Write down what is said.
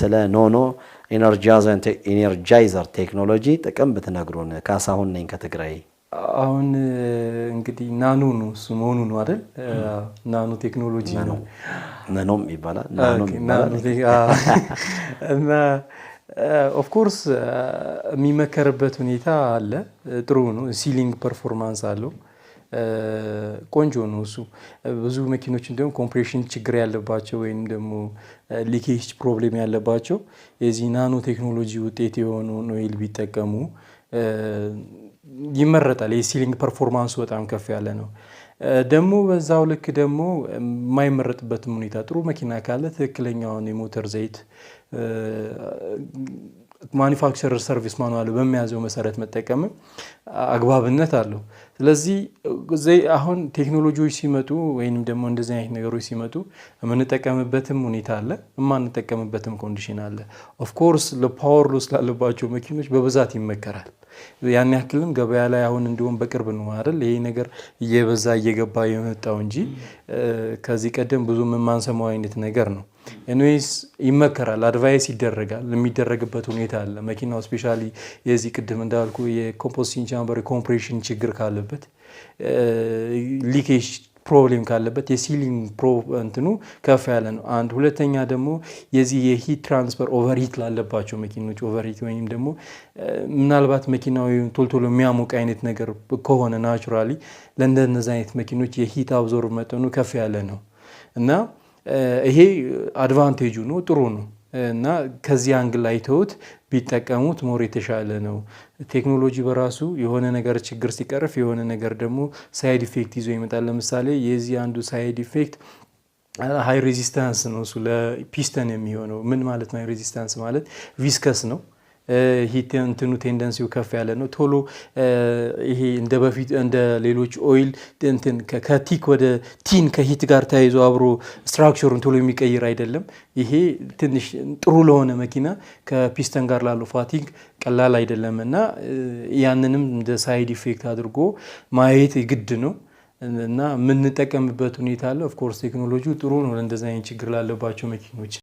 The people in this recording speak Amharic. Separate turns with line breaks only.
ስለ ኖኖ ኢነርጃይዘር ቴክኖሎጂ ጥቅም ብትነግሩን። ካሳሁን ነኝ ከትግራይ።
አሁን እንግዲህ ናኖ ነው እሱ መሆኑ ነው አይደል? ናኖ ቴክኖሎጂ ነው።
ናኖም ይባላል
እና ኦፍኮርስ የሚመከርበት ሁኔታ አለ። ጥሩ ነው። ሲሊንግ ፐርፎርማንስ አለው ቆንጆ ነው። እሱ ብዙ መኪኖች እንዲሁም ኮምፕሬሽን ችግር ያለባቸው ወይም ደግሞ ሊኬጅ ፕሮብሌም ያለባቸው የዚህ ናኖ ቴክኖሎጂ ውጤት የሆኑ ኖይል ቢጠቀሙ ይመረጣል። የሲሊንግ ፐርፎርማንሱ በጣም ከፍ ያለ ነው። ደግሞ በዛው ልክ ደግሞ የማይመረጥበትም ሁኔታ ጥሩ መኪና ካለ ትክክለኛውን የሞተር ዘይት ማኒፋክቸረር ሰርቪስ ማኑዋል በሚያዘው መሰረት መጠቀም አግባብነት አለው። ስለዚህ አሁን ቴክኖሎጂዎች ሲመጡ ወይም ደግሞ እንደዚህ አይነት ነገሮች ሲመጡ የምንጠቀምበትም ሁኔታ አለ፣ የማንጠቀምበትም ኮንዲሽን አለ። ኦፍኮርስ ለፓወር ሎስ ላለባቸው መኪኖች በብዛት ይመከራል። ያን ያክልም ገበያ ላይ አሁን እንዲሁም በቅርብ ነው አይደል ይሄ ነገር እየበዛ እየገባ የመጣው እንጂ ከዚህ ቀደም ብዙ የማንሰማው አይነት ነገር ነው። ኤኒዌይስ ይመከራል፣ አድቫይስ ይደረጋል። የሚደረግበት ሁኔታ አለ። መኪናው ስፔሻ የዚህ ቅድም እንዳልኩ የኮምፖስቲንግ ቻምበር የኮምፕሬሽን ችግር ካለበት ሊኬጅ ፕሮብሌም ካለበት የሲሊንግ ፕሮ እንትኑ ከፍ ያለ ነው። አንድ ሁለተኛ ደግሞ የዚህ የሂት ትራንስፈር ኦቨርሂት ላለባቸው መኪኖች ኦቨርሂት ወይም ደግሞ ምናልባት መኪናው ቶልቶሎ የሚያሞቅ አይነት ነገር ከሆነ ናቹራሊ ለእንደነዚ አይነት መኪኖች የሂት አብዞር መጠኑ ከፍ ያለ ነው እና ይሄ አድቫንቴጁ ነው፣ ጥሩ ነው እና ከዚህ አንግል አይተውት ቢጠቀሙት ሞር የተሻለ ነው። ቴክኖሎጂ በራሱ የሆነ ነገር ችግር ሲቀርፍ የሆነ ነገር ደግሞ ሳይድ ኢፌክት ይዞ ይመጣል። ለምሳሌ የዚህ አንዱ ሳይድ ኢፌክት ሃይ ሬዚስታንስ ነው። እሱ ለፒስተን የሚሆነው ምን ማለት ነው? ሃይ ሬዚስታንስ ማለት ቪስከስ ነው እንትኑ ቴንደንሲው ከፍ ያለ ነው። ቶሎ ይሄ እንደ በፊት እንደ ሌሎች ኦይል እንትን ከቲክ ወደ ቲን ከሂት ጋር ተያይዞ አብሮ ስትራክቸሩን ቶሎ የሚቀይር አይደለም። ይሄ ትንሽ ጥሩ ለሆነ መኪና ከፒስተን ጋር ላለው ፋቲግ ቀላል አይደለም እና ያንንም እንደ ሳይድ ኢፌክት አድርጎ ማየት ግድ ነው እና የምንጠቀምበት ሁኔታ አለ። ኦፍኮርስ ቴክኖሎጂ ጥሩ ነው እንደዚህ አይነት ችግር ላለባቸው መኪኖች